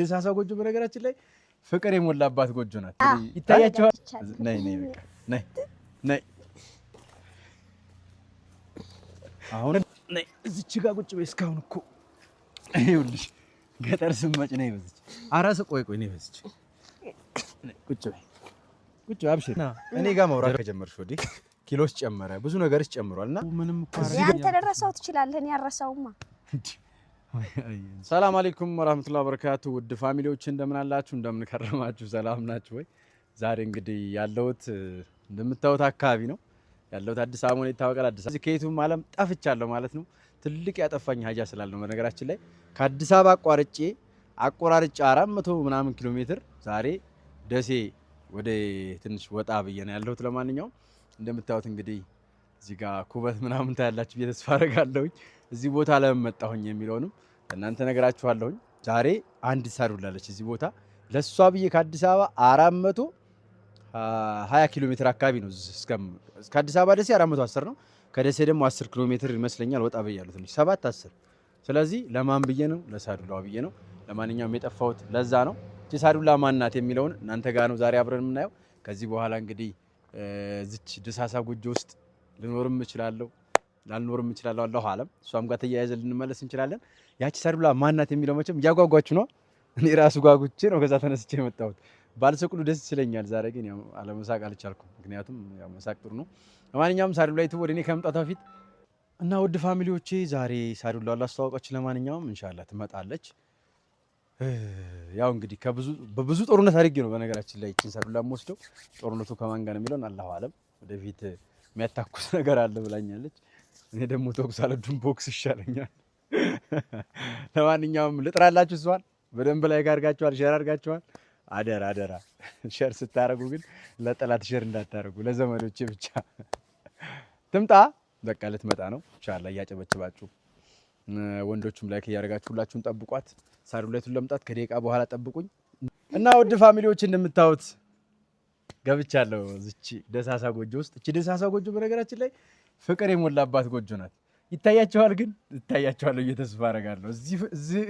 ደሳሳ ጎጆ በነገራችን ላይ ፍቅር የሞላባት ጎጆ ናት። ይታያቸዋል። ነይ ነይ በቃ አሁን እዚች ጋር ቁጭ በይ። እስካሁን እኮ ይኸውልሽ ገጠር ስመጭ ነይ በዚች አራስ ቆይ ቆይ ነይ በዚች ቁጭ በይ ቁጭ በይ። አብሽር እኔ ጋር ማውራት ከጀመርሽ ወዲህ ኪሎስ ጨመረ፣ ብዙ ነገርሽ ጨምሯል። እና ምንም እኮ ደረሰው ትችላለህ። እኔ አልረሳውማ ሰላም አለይኩም ወራህመቱላሂ ወበረካቱ። ውድ ፋሚሊዎች እንደምን አላችሁ? እንደምን ከረማችሁ? ሰላም ናችሁ ወይ? ዛሬ እንግዲህ ያለሁት እንደምታዩት አካባቢ ነው ያለሁት። አዲስ አበባ ነው ይታወቃል። አዲስ አበባ ከየቱም ዓለም ጠፍቻለሁ ማለት ነው። ትልቅ ያጠፋኝ ሀጃ ስላለ ነው። በነገራችን ላይ ከአዲስ አበባ አቋርጬ አቆራርጬ አራት መቶ ምናምን ኪሎ ሜትር ዛሬ ደሴ ወደ ትንሽ ወጣ ብዬ ነው ያለሁት። ለማንኛውም እንደምታዩት እንግዲህ እዚህ ጋር ኩበት ምናምን ታያላችሁ ብዬ ተስፋ አደርጋለሁኝ። እዚህ ቦታ ለምን መጣሁኝ የሚለውንም እናንተ ነግራችኋለሁኝ። ዛሬ አንድ ሳር እዚህ ቦታ ለእሷ ብዬ ከአዲስ አበባ አራት መቶ ሀያ ኪሎ ሜትር አካባቢ ነው። ከአዲስ አበባ ደሴ አራት መቶ አስር ነው። ከደሴ ደግሞ አስር ኪሎ ሜትር ይመስለኛል ወጣ ብያለሁ ትንሽ ሰባት አስር። ስለዚህ ለማን ብዬ ነው? ለሳዱላ ብዬ ነው። ለማንኛውም የጠፋሁት ለዛ ነው። ሳዱላ ማናት የሚለውን እናንተ ጋር ነው ዛሬ አብረን የምናየው። ከዚህ በኋላ እንግዲህ ዝች ደሳሳ ጎጆ ውስጥ ልኖርም እችላለሁ ላልኖርም እንችላለሁ። አላሁ አለም። እሷም ጋር ተያይዘ ልንመለስ እንችላለን። ያቺ ሰርብላ ማናት የሚለው መቼም እያጓጓችሁ ነው። እኔ ራሱ ጓጉቼ ነው ከዛ ተነስቼ የመጣሁት። ባልሰቅሉ ደስ ይለኛል። ዛሬ ግን አለመሳቅ አልቻልኩም። ምክንያቱም መሳቅ ጥሩ ነው። ለማንኛውም ሳዱላይቱ ወደ እኔ ከመምጣቷ ፊት እና ውድ ፋሚሊዎቼ ዛሬ ሳሪላ ላስተዋወቃችሁ። ለማንኛውም እንሻላ ትመጣለች። ያው እንግዲህ በብዙ ጦርነት አድርጌ ነው በነገራችን ላይ ይችን ሳዱላ ወስደው ጦርነቱ ከማን ጋር ነው የሚለውን አላሁ አለም። ወደፊት የሚያታኩስ ነገር አለ ብላኛለች። እኔ ደግሞ ተኩስ አለዱን ቦክስ ይሻለኛል። ለማንኛውም ልጥራላችሁ እሷን በደንብ ላይ ጋርጋችኋል፣ ሸር አድርጋችኋል። አደራ አደራ፣ ሸር ስታደርጉ ግን ለጠላት ሸር እንዳታደርጉ ለዘመዶቼ ብቻ። ትምጣ በቃ ልትመጣ ነው። ቻላ እያጨበጭባችሁ ወንዶቹም ላይክ እያደረጋችሁ ሁላችሁም ጠብቋት። ሳዱላይቱን ለምጣት ከደቂቃ በኋላ ጠብቁኝ እና ውድ ፋሚሊዎች እንደምታዩት ገብቻለሁ ዝቺ ደሳሳ ጎጆ ውስጥ። እቺ ደሳሳ ጎጆ በነገራችን ላይ ፍቅር የሞላባት ጎጆ ናት። ይታያቸዋል ግን ይታያቸዋል ብዬ ተስፋ አደርጋለሁ።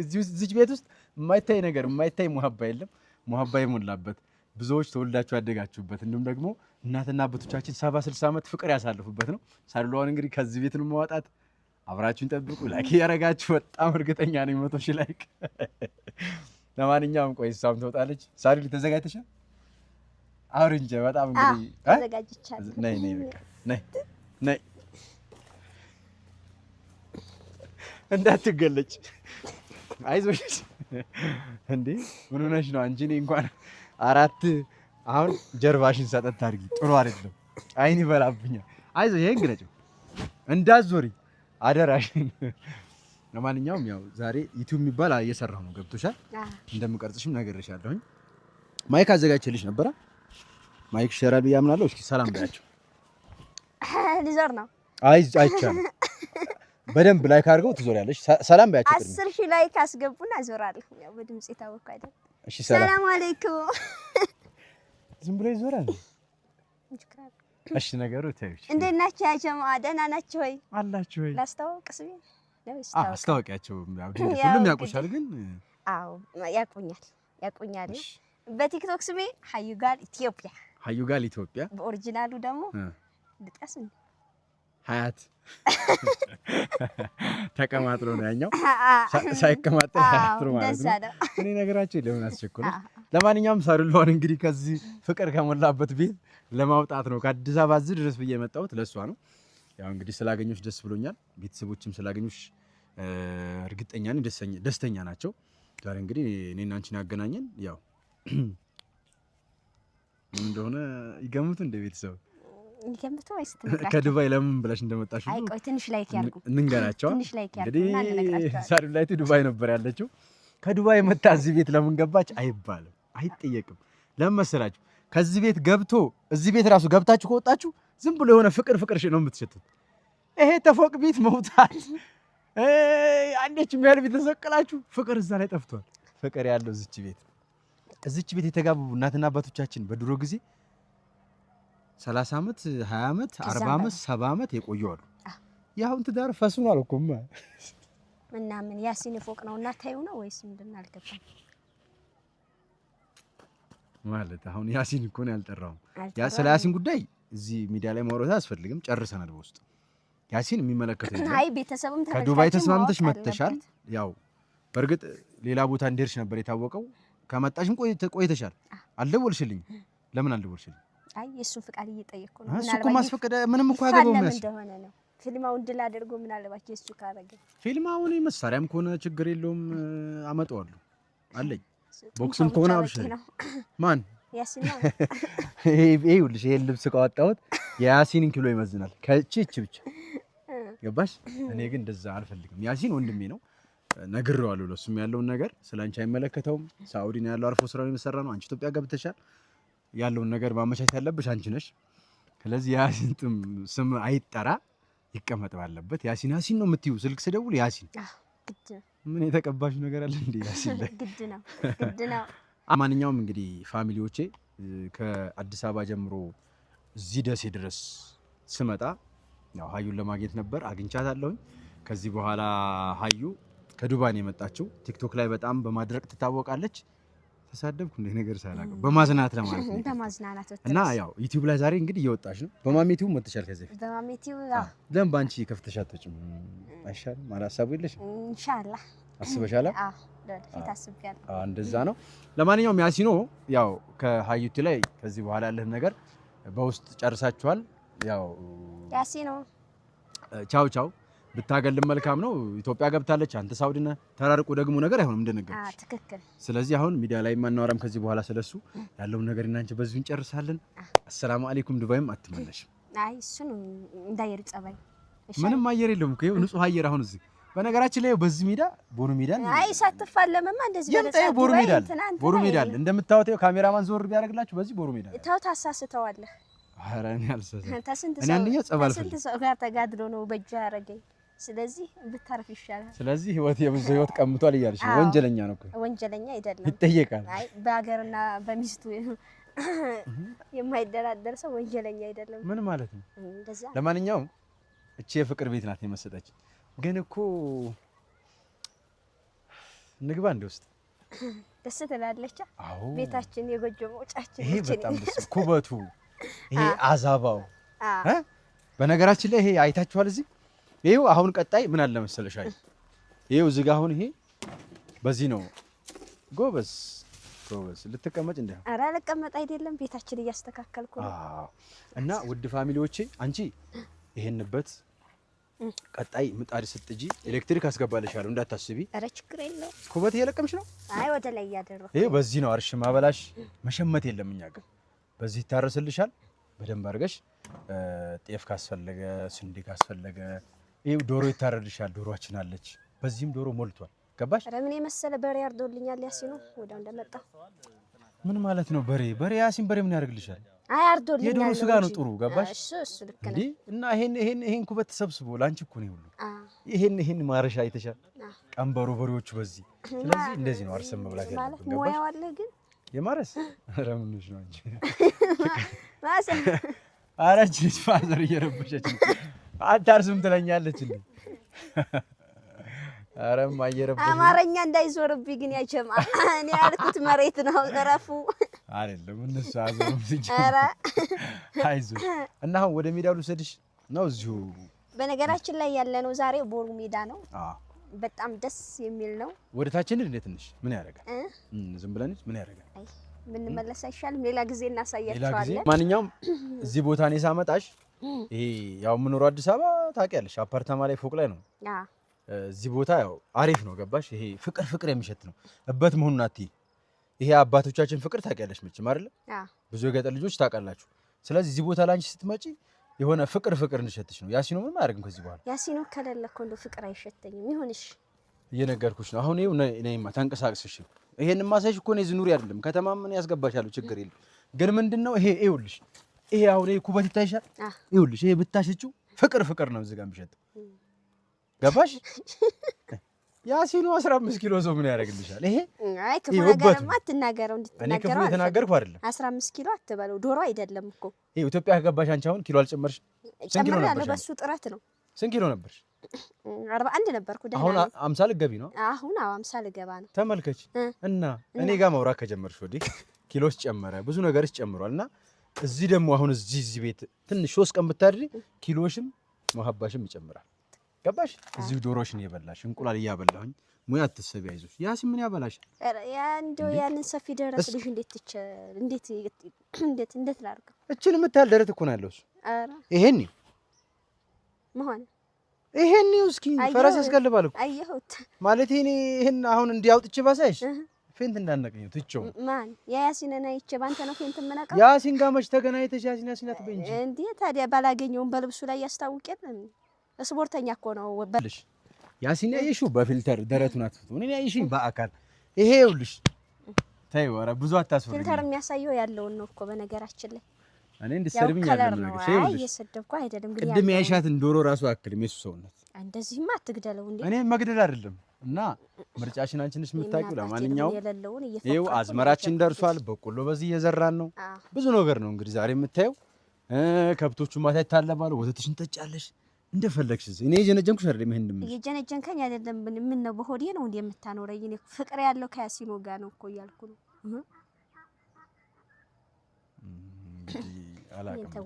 እዚች ቤት ውስጥ የማይታይ ነገር የማይታይ ሙሀባ የለም። ሙሀባ የሞላበት ብዙዎች ተወልዳችሁ ያደጋችሁበት እንዲሁም ደግሞ እናትና አባቶቻችን ሰባ ስልሳ ዓመት ፍቅር ያሳልፉበት ነው። ሳድሏን እንግዲህ ከዚህ ቤት ነው ማውጣት። አብራችሁን ጠብቁ። ላይክ ያረጋችሁ በጣም እርግጠኛ ነኝ መቶ ሺህ ላይክ። ለማንኛውም ቆይ እሷም ትወጣለች። ሳሉ ተዘጋጅተሻል? አውሪ እንጂ በጣም እንግዲህ ተዘጋጅቻለሁ። ነይ ነይ ነይ ነይ እንዳትገለጭ አይዞሽ። እንዴ ምን ሆነሽ ነው አንቺ? እኔ እንኳን አራት አሁን ጀርባሽን ሰጠት አድርጊ። ጥሩ አይደለም፣ አይን ይበላብኛል። አይዞሽ፣ ይሄን ግለጭ፣ እንዳትዞሪ አደራሽን። ለማንኛውም ያው ዛሬ ዩቲዩብ የሚባል እየሰራሁ ነው፣ ገብቶሻል። እንደምቀርጽሽም ነግሬሻለሁኝ። ማይክ አዘጋጅቼልሽ ነበረ። ማይክ ሸራ ብዬ አምናለሁ። እስኪ ሰላም ብያቸው። ሊዞር ነው። አይ አይቻልም በደንብ ላይክ አድርገው ትዞሪያለሽ። ሰላም ባያችሁ ቅድም አስር ሺህ ላይክ አስገቡና እዞራለሁ። ያው በድምጽ የታወቀ አይደል? እሺ ሰላም አለይኩም። ዝም ብሎ ይዞራል። እሺ ነገሩ ታዩች። እንዴት ናችሁ ያ ጀማዓ? ደህና ናችሁ ወይ? አላችሁ ወይ? ላስተዋውቅ ስሜ ያው ሁሉም ያውቁሻል፣ ግን አዎ ያውቁኛል፣ ያውቁኛል። በቲክቶክ ስሜ ሀዩጋል ኢትዮጵያ፣ ሀዩጋል ኢትዮጵያ። በኦሪጂናሉ ደግሞ ልጠስ ሀያት ተቀማጥሎ ነው ያኛው ሳይቀማጥል ሀያት ማለት ነው። እኔ ነገራቸው ለምን አስቸኩል። ለማንኛውም ሳሩሏን እንግዲህ ከዚህ ፍቅር ከሞላበት ቤት ለማውጣት ነው ከአዲስ አበባ እዚህ ድረስ ብዬ የመጣሁት ለእሷ ነው። ያው እንግዲህ ስላገኘሽ ደስ ብሎኛል። ቤተሰቦችም ስላገኘሽ እርግጠኛ ነኝ ደስተኛ ናቸው። ዛሬ እንግዲህ እኔና አንቺን ያገናኘን ያው ምን እንደሆነ ይገምቱ እንደ ቤተሰብ ከዱባይ ለምን ብለሽ እንደመጣሽ አይ እንንገራቸው። ትንሽ ላይክ ያርጉ ዱባይ ነበር ያለችው። ከዱባይ መጣ እዚህ ቤት ለምን ገባች አይባልም፣ አይጠየቅም። ለምን መሰላችሁ? ከዚህ ቤት ገብቶ እዚህ ቤት ራሱ ገብታችሁ ከወጣችሁ ዝም ብሎ የሆነ ፍቅር ፍቅር ነው የምትሸትት። ይሄ ተፎቅ ቤት መውጣት አንዴች የሚያህል ቤት ተሰቅላችሁ ፍቅር እዛ ላይ ጠፍቷል። ፍቅር ያለው እዚች ቤት እዚች ቤት የተጋቡ እናትና አባቶቻችን በድሮ ጊዜ ሰላሳ ዓመት ሀያ ዓመት አርባ ዓመት ሰባ ዓመት የቆዩ አሉ። የአሁን ትዳር ፈሱኗል እኮ ምናምን ያሲን ፎቅ ነው እና ነው ወይስ ምንድን አልገባም። ማለት አሁን ያሲን እኮ ነው ያልጠራው። ስለ ያሲን ጉዳይ እዚህ ሚዲያ ላይ ማውራት አያስፈልግም፣ ጨርሰናል። በውስጥ ያሲን የሚመለከተው አይ ቤተሰብም ከዱባይ ተስማምተሽ መጥተሻል። ያው በእርግጥ ሌላ ቦታ ነበር የታወቀው። ከመጣሽም ቆይተሻል። አልደወልሽልኝ። ለምን አልደወልሽልኝ? አይ የእሱን ፍቃድ እየጠየቅኩ ነው። እሱ እኮ ማስፈቀደ ምንም እኮ ያገባው ነው እንደሆነ ነው። ፊልማውን ድል አድርጎ ምናልባት የእሱ ካረገ ፊልማውን መሳሪያም ከሆነ ችግር የለውም አመጣዋለሁ አለኝ። ቦክስም ከሆነ አብሽ ማን ያሲን ይኸውልሽ፣ ይሄን ልብስ ካወጣሁት የያሲንን ኪሎ ይመዝናል። ከቺ እቺ ብቻ ገባሽ። እኔ ግን እንደዛ አልፈልግም። ያሲን ወንድሜ ነው ነግሬዋለሁ። ለሱም ያለውን ነገር ስለ አንቺ አይመለከተውም። ሳኡዲ ነው ያለው፣ አርፎ ስራውን የመሰራ ነው። አንቺ ኢትዮጵያ ገብተሻል ያለውን ነገር ማመቻቸት ያለብሽ አንቺ ነሽ። ስለዚህ ያሲን ስም አይጠራ፣ ይቀመጥ ባለበት። ያሲን ያሲን ነው የምትዩ። ስልክ ስደውል ያሲን ምን የተቀባሽ ነገር አለ እንዴ? ያሲን ግድ ነው ግድ ነው። ማንኛውም እንግዲህ ፋሚሊዎቼ ከአዲስ አበባ ጀምሮ እዚህ ደሴ ድረስ ስመጣ ያው ሀዩን ለማግኘት ነበር፣ አግኝቻት አለሁኝ። ከዚህ በኋላ ሀዩ ከዱባን የመጣችው። ቲክቶክ ላይ በጣም በማድረቅ ትታወቃለች። ተሳደብኩ እንደ ነገር ሳላቀ በማዝናት ለማለት ነው። በማዝናናት እና ያው ዩቲዩብ ላይ ዛሬ እንግዲህ እየወጣሽ ነው። በማሜቲው መጥተሻል። ከዚህ በፊት በማሜቲው ያው ለምን ባንቺ ከፍተሻቶች አይሻልም? አላሳቡ የለሽም? ኢንሻአላህ አስበሻላ? አዎ ለወደፊት አስቤያለሁ። አዎ እንደዛ ነው። ለማንኛውም ያሲኖ ያው ከሀዩቲ ላይ ከዚህ በኋላ ያለህን ነገር በውስጥ ጨርሳችኋል። ያው ያሲኖ ቻው ቻው ብታገልም መልካም ነው። ኢትዮጵያ ገብታለች፣ አንተ ሳውዲ ነህ። ተራርቆ ደግሞ ነገር አይሆንም እንደነገር። ትክክል። ስለዚህ አሁን ሚዲያ ላይ ማናወራም ከዚህ በኋላ ስለሱ ያለውን ነገር እናንቺ በዚሁ እንጨርሳለን። አሰላሙ አለይኩም። ዱባይም አትመለሽም። አይ እሱን እንዳየር ጸባይ ምንም አየር የለውም እኮ ንጹህ አየር። አሁን እዚህ በነገራችን ላይ በዚህ ሜዳ ቦሩ ሜዳ አይ ሳትፋለምማ እንደዚህ በነሳ ቦሩ ሜዳ ቦሩ ሜዳ እንደምታወጣው ካሜራማን ዞር ቢያደርግላችሁ በዚህ ቦሩ ሜዳ ተው ታሳስተዋለህ። ኧረ እኔ አልሰሰ እኔ አንደኛ ጸባል ስንት ሰው ጋር ተጋድሎ ነው በእጁ ያደረገኝ ስለዚህ ብታርፍ ይሻላል። ስለዚህ ህይወት የብዙ ህይወት ቀምቷል እያለች ነው። ወንጀለኛ ነው እኮ ወንጀለኛ አይደለም፣ ይጠየቃል። አይ በሀገርና በሚስቱ የማይደራደር ሰው ወንጀለኛ አይደለም። ምን ማለት ነው? ለማንኛውም እቺ የፍቅር ቤት ናት የመሰጠች። ግን እኮ ንግባ እንደ ውስጥ ደስ ትላለች። ቤታችን የጎጆ መውጫችን። ይሄ በጣም ደስ ኩበቱ፣ ይሄ አዛባው። በነገራችን ላይ ይሄ አይታችኋል እዚህ ይሄው አሁን ቀጣይ ምን አለ መሰለሽ፣ አይ ይሄው እዚህ ጋር አሁን ይሄ በዚህ ነው። ጎበዝ ጎበዝ። ልትቀመጭ እንደ ኧረ ልቀመጥ አይደለም ቤታችን እያስተካከልኩ እና ውድ ፋሚሊዎቼ አንቺ ይሄንበት ቀጣይ ምጣድ ስትጂ ኤሌክትሪክ አስገባልሻለሁ እንዳታስቢ። ኧረ ችግር የለውም። ኩበት እየለቀምሽ ነው? አይ ወደ ላይ እያደረኩ ይሄ በዚህ ነው። አርሽ ማበላሽ መሸመት የለም እኛ ጋር በዚህ ይታረስልሻል። በደንብ አድርገሽ ጤፍ ካስፈለገ ስንዴ ካስፈለገ ይኸው ዶሮ ይታረድሻል። ዶሮችን አለች፣ በዚህም ዶሮ ሞልቷል። ገባሽ? ኧረ ምን የመሰለ በሬ አርዶልኛል። ያሲኑ ወዲያው እንደመጣ ምን ማለት ነው? በሬ በሬ ያሲን በሬ ምን ያደርግልሻል? አይ አርዶልኛል። የዶሮ ስጋ ነው ጥሩ። ገባሽ? እሱ እሱ ልክ ነው። እና ይሄን ይሄን ይሄን ኩበት ተሰብስቦ ላንቺ እኮ ነው ሁሉ። ይሄን ይሄን ማረሻ አይተሻል? ቀንበሩ በሬዎቹ በዚህ። ስለዚህ እንደዚህ ነው አርሰን መብላት ያለብን። ገባሽ? ሙያው አለ ግን የማረስ ምን ነው እንጂ ማሰ አረች ፋዘር እየረበሸች አዳርስም ትለኛለች። እንዴ? አረ አየረብ አማርኛ እንዳይዞርብኝ ግን ያቸማ እኔ ያልኩት መሬት ነው። እረፉ አይደለም እነሱ አዞርም ልጅ አረ አይዞ እና አሁን ወደ ሜዳው ልውሰድሽ ነው። እዚሁ በነገራችን ላይ ያለ ነው። ዛሬ ቦሩ ሜዳ ነው። በጣም ደስ የሚል ነው። ወደ ታችን እንደ ትንሽ ምን ያደርጋል? ዝም ብለን ምን ያደርጋል? ብንመለስ አይሻልም? ሌላ ጊዜ እናሳያቸዋለን። ማንኛውም እዚህ ቦታ እኔ ሳመጣሽ ይሄ ያው የምኖረው አዲስ አበባ ታውቂያለሽ፣ አፓርታማ ላይ ፎቅ ላይ ነው። እዚህ ቦታ ያው አሪፍ ነው፣ ገባሽ? ይሄ ፍቅር ፍቅር የሚሸት ነው። እበት መሆኑን አትይ። ይሄ አባቶቻችን ፍቅር ታውቂያለሽ መቼም አይደለ? ብዙ የገጠር ልጆች ታውቃላችሁ። ስለዚህ እዚህ ቦታ ላንቺ ስትመጪ የሆነ ፍቅር ፍቅር እንሸትሽ ነው። ያሲኖ ምን አያደርግም ከዚህ በኋላ። ያሲኖ ከሌለ እኮ እንደው ፍቅር አይሸተኝም። ይሁንሽ፣ እየነገርኩሽ ነው። አሁን ይኸው ነይማ፣ ተንቀሳቅስሽ። ይሄን ማሳይሽ እኮ ነው። እዚህ ኑሪ አይደለም ምን ያስገባሻለሁ፣ ችግር የለም። ግን ምንድነው ይሄ ይኸውልሽ ይሄ አሁን ይሄ ኩበት ይታይሻል። ይኸውልሽ ይሄ ብታሸችው ፍቅር ፍቅር ነው እዚህ ጋር የሚሸጠው ገባሽ? ያ ሲሉ 15 ኪሎ ሰው ምን ያደርግልሻል? ይሄ አይ ክፉ ነገርማ አትናገረው። እንድትናገረው የተናገርኩ አይደለም 15 ኪሎ አትበለው። ዶሮ አይደለም እኮ ይሄ ኢትዮጵያ ከገባሽ አንቺ አሁን ኪሎ አልጨመርሽ። ጨምር ያለው በሱ ጥረት ነው። ስንት ኪሎ ነበርሽ? 41 ነበርኩ። አሁን 50 ልገቢ ነው አሁን? አዎ 50 ልገባ ነው። ተመልከች እና እኔ ጋር መውራት ከጀመርሽ ወዲህ ኪሎስ ጨመረ፣ ብዙ ነገርስ ጨምሯል እና እዚህ ደግሞ አሁን እዚህ እዚህ ቤት ትንሽ ሶስት ቀን ብታድሪ ኪሎሽም መሀባሽም ይጨምራል። ገባሽ? እዚህ ዶሮሽን የበላሽ እንቁላል እያበላሁኝ ሙያ አትሰብ ያይዞሽ ያሲ ምን ያበላሽ እንዶ ያንን ሰፊ ደረት ልጅ እንዴት ትች እንዴት እንዴት እንዴት ላርግ እችን የምታህል ደረት እኮ ነው ያለው እሱ። ይሄን መሆን ይሄን ነው። እስኪ ፈረስ ያስገልባል እኮ አየሁት ማለት ይሄን አሁን እንዲያውጥቼ ባሳይሽ ፌንት እንዳነቀኝ ትቼው ማን ያሲን እና ባንተ ነው ፌንት የምነቀው። ያሲን ጋር መች ተገናኝተሽ ያሲን ያሲን አትበይ እንዴ። ታዲያ ባላገኘውም በልብሱ ላይ ያስታውቅ ስፖርተኛ እኮ ነው በልሽ። ያሲን ያየሽው በፊልተር ደረቱን አትፍቶ፣ እኔ ያየሽኝ በአካል ይሄ ይኸውልሽ። ተይው፣ ኧረ ብዙ አታስፈሪ። ፊልተር የሚያሳየው ያለውን ነው እኮ በነገራችን ላይ እኔ እንድትሰድብኝ አይደለም። እየሰደብኩ አይደለም። እንግዲህ ቅድም ያይሻትን ዶሮ ራሱ አክልም የሱ ሰውነት እንደዚህማ አትግደለው እንዴ! እኔ መግደል አይደለም እና ምርጫሽን አንቺ ነሽ የምታውቂው። ለማንኛውም ይኸው አዝመራችን ደርሷል። በቆሎ በዚህ እየዘራን ነው። ብዙ ነገር ነው እንግዲህ ዛሬ የምታየው። ከብቶቹ ማታ ይታለባሉ። ወተትሽን ጠጫለሽ እንደፈለግሽ እዚህ እኔ የጀነጀንኩሽ አይደለም። ይሄን እንደምን የጀነጀንከኝ አይደለም። ምን ነው በሆዴ ነው እንዴ የምታኖረኝ? እኔ ፍቅር ያለው ከያሲኖ ጋር ነው እኮ እያልኩ ነው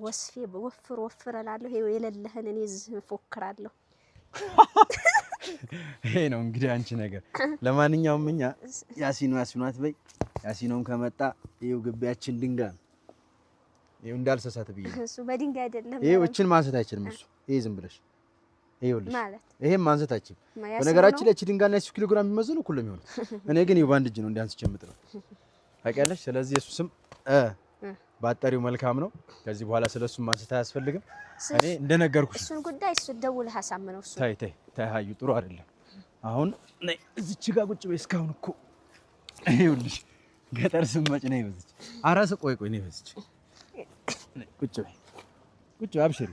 ወስፌ ወፍር ወፍር እላለሁ። ይኸው የሌለህን እኔ እዚህ እፎክራለሁ። ይሄ ነው እንግዲህ አንቺ ነገር። ለማንኛውም እኛ ያሲኑ ያሲኑ አትበይ። ያሲኑም ከመጣ ይኸው ግቢያችን ድንጋ ነው። ይኸው እንዳልሰሳት ብዬ እሱ በድንጋ አይደለም። ይኸው እችን ማንሳት አይችልም እሱ። ይሄ ዝም ብለሽ ይሄም ማንሳት አይችልም። በነገራችን ላይ እቺ ድንጋይና እሱ ኪሎ ግራም የሚመዝኑ እኩል ነው እኔ ግን ይኸው በአንድ እጅ ነው እንዲያንስ ጀምጥ ነው ታውቂያለሽ። ስለዚህ የሱ ስም ባጠሪው መልካም ነው። ከዚህ በኋላ ስለሱ እሱ ማንሳት አያስፈልግም። እኔ እንደነገርኩ እሱን ጉዳይ እሱ ደውለህ አሳምነው። እሱ ታይ ታይ ታይ ጥሩ አይደለም። አሁን ነይ እዚች ጋር ቁጭ በይ። እስካሁን እኮ ይኸውልሽ ገጠር ስመጭ ነይ በዚች አራስ ቆይ ቆይ ነይ በዚች ቁጭ በይ ቁጭ በይ። አብሽሪ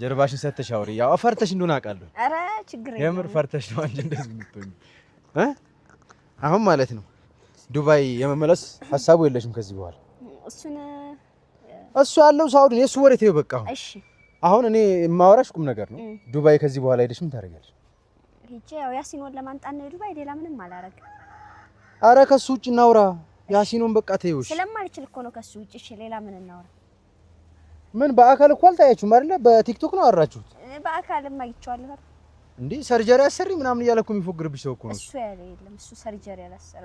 ጀርባሽን ሰተሽ አውሪ። ያው ፈርተሽ እንደሆነ አውቃለሁ። ኧረ ችግር የለም የምር ፈርተሽ ነው እንጂ እንደዚህ የምትሆኚ አሁን ማለት ነው። ዱባይ የመመለስ ሀሳቡ የለሽም ከዚህ በኋላ እሱን እሱ ያለው ሳውዲ የእሱ ወሬ ተይው በቃ። እሺ አሁን እኔ የማወራሽ ቁም ነገር ነው። ዱባይ ከዚህ በኋላ ሄደሽ ምን ታደርጊያለሽ? ሂጄ ያው ያሲኖን ነው ዱባይ፣ ሌላ ምንም አላረግም። አረ ከሱ ውጭ እናውራ ያሲኖን በቃ ተይው። ስለማልችል እኮ ነው ከሱ ውጭ። እሺ ሌላ ምን እናውራ? ምን በአካል እኮ አልታያችሁም አይደለ? በቲክቶክ ነው አወራችሁት። እንዴ ሰርጀሪ አሰሪ ምናምን እያለ እኮ የሚፎግርብሽ ሰው እኮ ነው እሱ። ያለ የለም እሱ ሰርጀሪ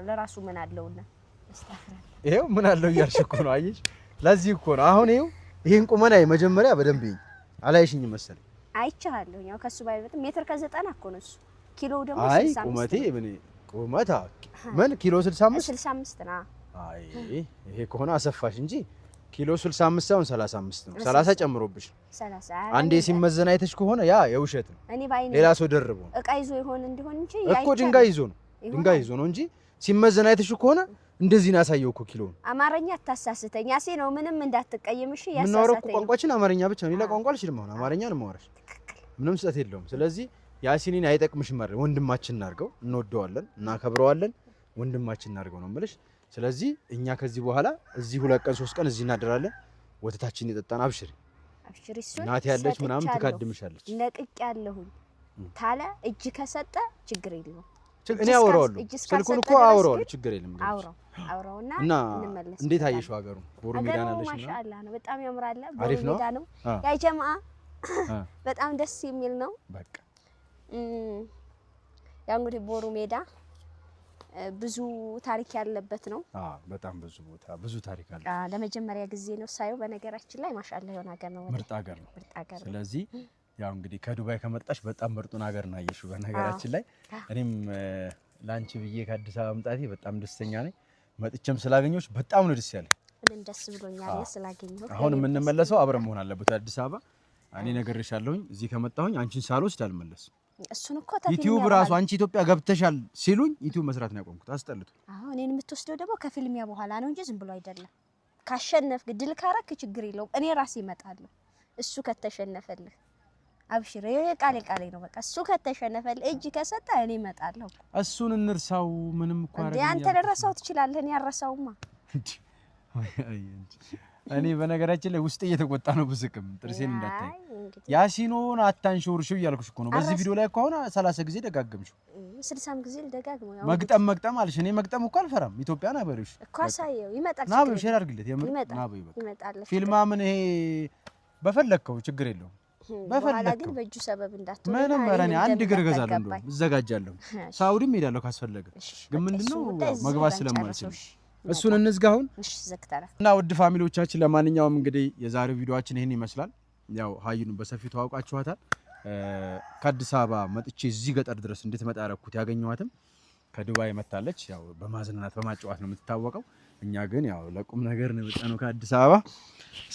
ለራሱ ምን አለውና ይሄው ምን አለው እያልሽ እኮ ነው። አየሽ፣ ለዚህ እኮ ነው አሁን። ይሄው ይሄን ቁመና መጀመሪያ በደንብ ይኝ አላይሽኝ መሰለኝ። አይቻለሁ። ያው ከሱ ባይበልጥ ሜትር ከዘጠና እኮ ነው እሱ። ኪሎ ደግሞ 65 አይ፣ ቁመቴ ምን ቁመታ ምን ኪሎ 65 65 ነው። አይ ይሄ ከሆነ አሰፋሽ እንጂ ኪሎ 65 ሳይሆን 35 ነው። 30 ጨምሮብሽ 30 አንዴ ሲመዘን አይተሽ ከሆነ ያ የውሸት ነው። እኔ ባይኔ ሌላ ሰው ደርቦ እቃ ይዞ ይሆን እንዲሆን እንጂ እኮ ድንጋይ ይዞ ነው ድንጋይ ይዞ ነው እንጂ ሲመዘን አይተሽ ከሆነ እንደዚህ ና ያሳየው እኮ ኪሎ አማርኛ አታሳስተኝ። ያሴ ነው ምንም እንዳትቀየምሽ። ያሳሳተኝ የምናወራው እኮ ቋንቋችን አማርኛ ብቻ ነው። ሌላ ቋንቋ አልችልም። አሁን አማርኛ ነው የማወራሽ። ምንም ስህተት የለውም። ስለዚህ ያሲኒን አይጠቅምሽ። ማለት ወንድማችን እናድርገው፣ እንወደዋለን፣ እናከብረዋለን። ወንድማችን እናድርገው ነው የምልሽ። ስለዚህ እኛ ከዚህ በኋላ እዚህ ሁለት ቀን ሶስት ቀን እዚህ እናድራለን። ወተታችን የጠጣን አብሽሪ፣ እናት ያለች ምናምን ትካድምሻለች። ለቅቅ ያለሁኝ ታለ እጅ ከሰጠ ችግር የለውም እኔ አወራዋለሁ፣ ስልኩን እኮ አወራዋለሁ። ችግር የለም እና እንዴት አየሽው? ሀገሩ ቦሩ ሜዳ ነው፣ በጣም ያምራል። ቦሩ ሜዳ ነው ያ ጀማ፣ በጣም ደስ የሚል ነው። በቃ ያው እንግዲህ ቦሩ ሜዳ ብዙ ታሪክ ያለበት ነው። በጣም ብዙ ቦታ ብዙ ታሪክ አለ። ለመጀመሪያ ጊዜ ነው ሳየው። በነገራችን ላይ ማሻአላ የሆነ ሀገር ነው፣ ምርጥ ሀገር ነው። ስለዚህ ያው እንግዲህ ከዱባይ ከመጣሽ በጣም ምርጡን ሀገር ነው አየሽው። በነገራችን ላይ እኔም ለአንቺ ብዬ ከአዲስ አበባ መምጣቴ በጣም ደስተኛ ነኝ። መጥቼም ስላገኘሁሽ በጣም ነው ደስ ያለኝ። እኔም ደስ ብሎኛል ስላገኘሁ። አሁን የምንመለሰው አብረን መሆን አለበት አዲስ አበባ። እኔ ነግሬሻለሁኝ፣ እዚህ ከመጣሁኝ አንቺን ሳልወስድ አልመለስም። እሱን እኮ ዩቲዩብ ራሱ አንቺ ኢትዮጵያ ገብተሻል ሲሉኝ ዩቲዩብ መስራት ነው ያቆምኩት። አስጠልቶ አሁን እኔን የምትወስደው ደግሞ ከፊልሚያ በኋላ ነው እንጂ ዝም ብሎ አይደለም። ካሸነፍክ ድል ካረክ ችግር የለውም። እኔ ራሴ እመጣለሁ እሱ ከተሸነፈልህ አብሽር ቃሌ ቃሌ ነው። በቃ እሱ ከተሸነፈ እጅ ከሰጠ እኔ እመጣለሁ። እሱን እንርሳው። ምንም እኮ አይደለም። አንተ ልረሳው ትችላለህ። እኔ አልረሳውማ። እኔ በነገራችን ላይ ውስጤ እየተቆጣ ነው። ብስቅም ጥርሴን እንዳታይ ያሲኖን አታንሾርሽው እያልኩሽ እኮ ነው። በዚህ ቪዲዮ ላይ እኮ አሁን ሰላሳ ጊዜ ደጋገምሽው፣ ስልሳም ጊዜ ልደጋግመው። መግጠም መግጠም አልሽ። እኔ መግጠም እኮ አልፈራም። ኢትዮጵያ ና እኮ አሳየው። ይመጣል። ና ሼር አድርግለት። ና በይው፣ በቃ ፊልማ ምን ይሄ በፈለግከው ችግር የለውም በፈለግን በእጁ ሰበብ እንዳትሆን ምንም። ኧረ እኔ አንድ እግር እገዛለሁ፣ እንደውም እዘጋጃለሁ፣ ሳውዲም ሄዳለሁ ካስፈለገ። ግን ምንድነው መግባት ስለማልችል እሱን እንዝጋሁን እና ውድ ፋሚሊዎቻችን፣ ለማንኛውም እንግዲህ የዛሬው ቪዲዮአችን ይህን ይመስላል። ያው ሀዩን በሰፊው ተዋውቃችኋታል። ከአዲስ አበባ መጥቼ እዚህ ገጠር ድረስ እንድትመጣ ያረኩት ያገኘኋትም ከዱባይ መታለች። ያው በማዝናናት በማጫወት ነው የምትታወቀው። እኛ ግን ያው ለቁም ነገር ነው የመጣ ከአዲስ አበባ።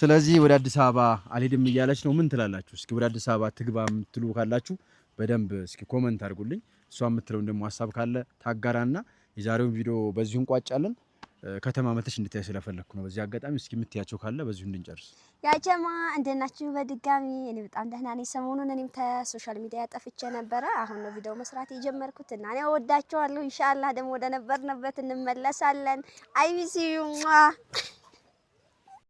ስለዚህ ወደ አዲስ አበባ አልሄድም እያለች ነው። ምን ትላላችሁ? እስኪ ወደ አዲስ አበባ ትግባ የምትሉ ካላችሁ በደንብ እስኪ ኮመንት አድርጉልኝ። እሷ የምትለው ደግሞ ሀሳብ ካለ ታጋራና የዛሬውን ቪዲዮ በዚሁ እንቋጫለን። ከተማ መተሽ እንድታይ ስለፈለግኩ ነው። በዚህ አጋጣሚ እስኪ የምትያቸው ካለ በዚሁ እንድንጨርስ። ያቸማ እንደናችሁ በድጋሚ እኔ በጣም ደህና ነኝ። ሰሞኑን እኔም ከሶሻል ሚዲያ ጠፍቼ ነበረ። አሁን ነው ቪዲዮ መስራት የጀመርኩት እና እኔ ወዳቸዋለሁ። ኢንሻአላህ ደግሞ ወደ ነበርንበት እንመለሳለን። አይቢሲዩ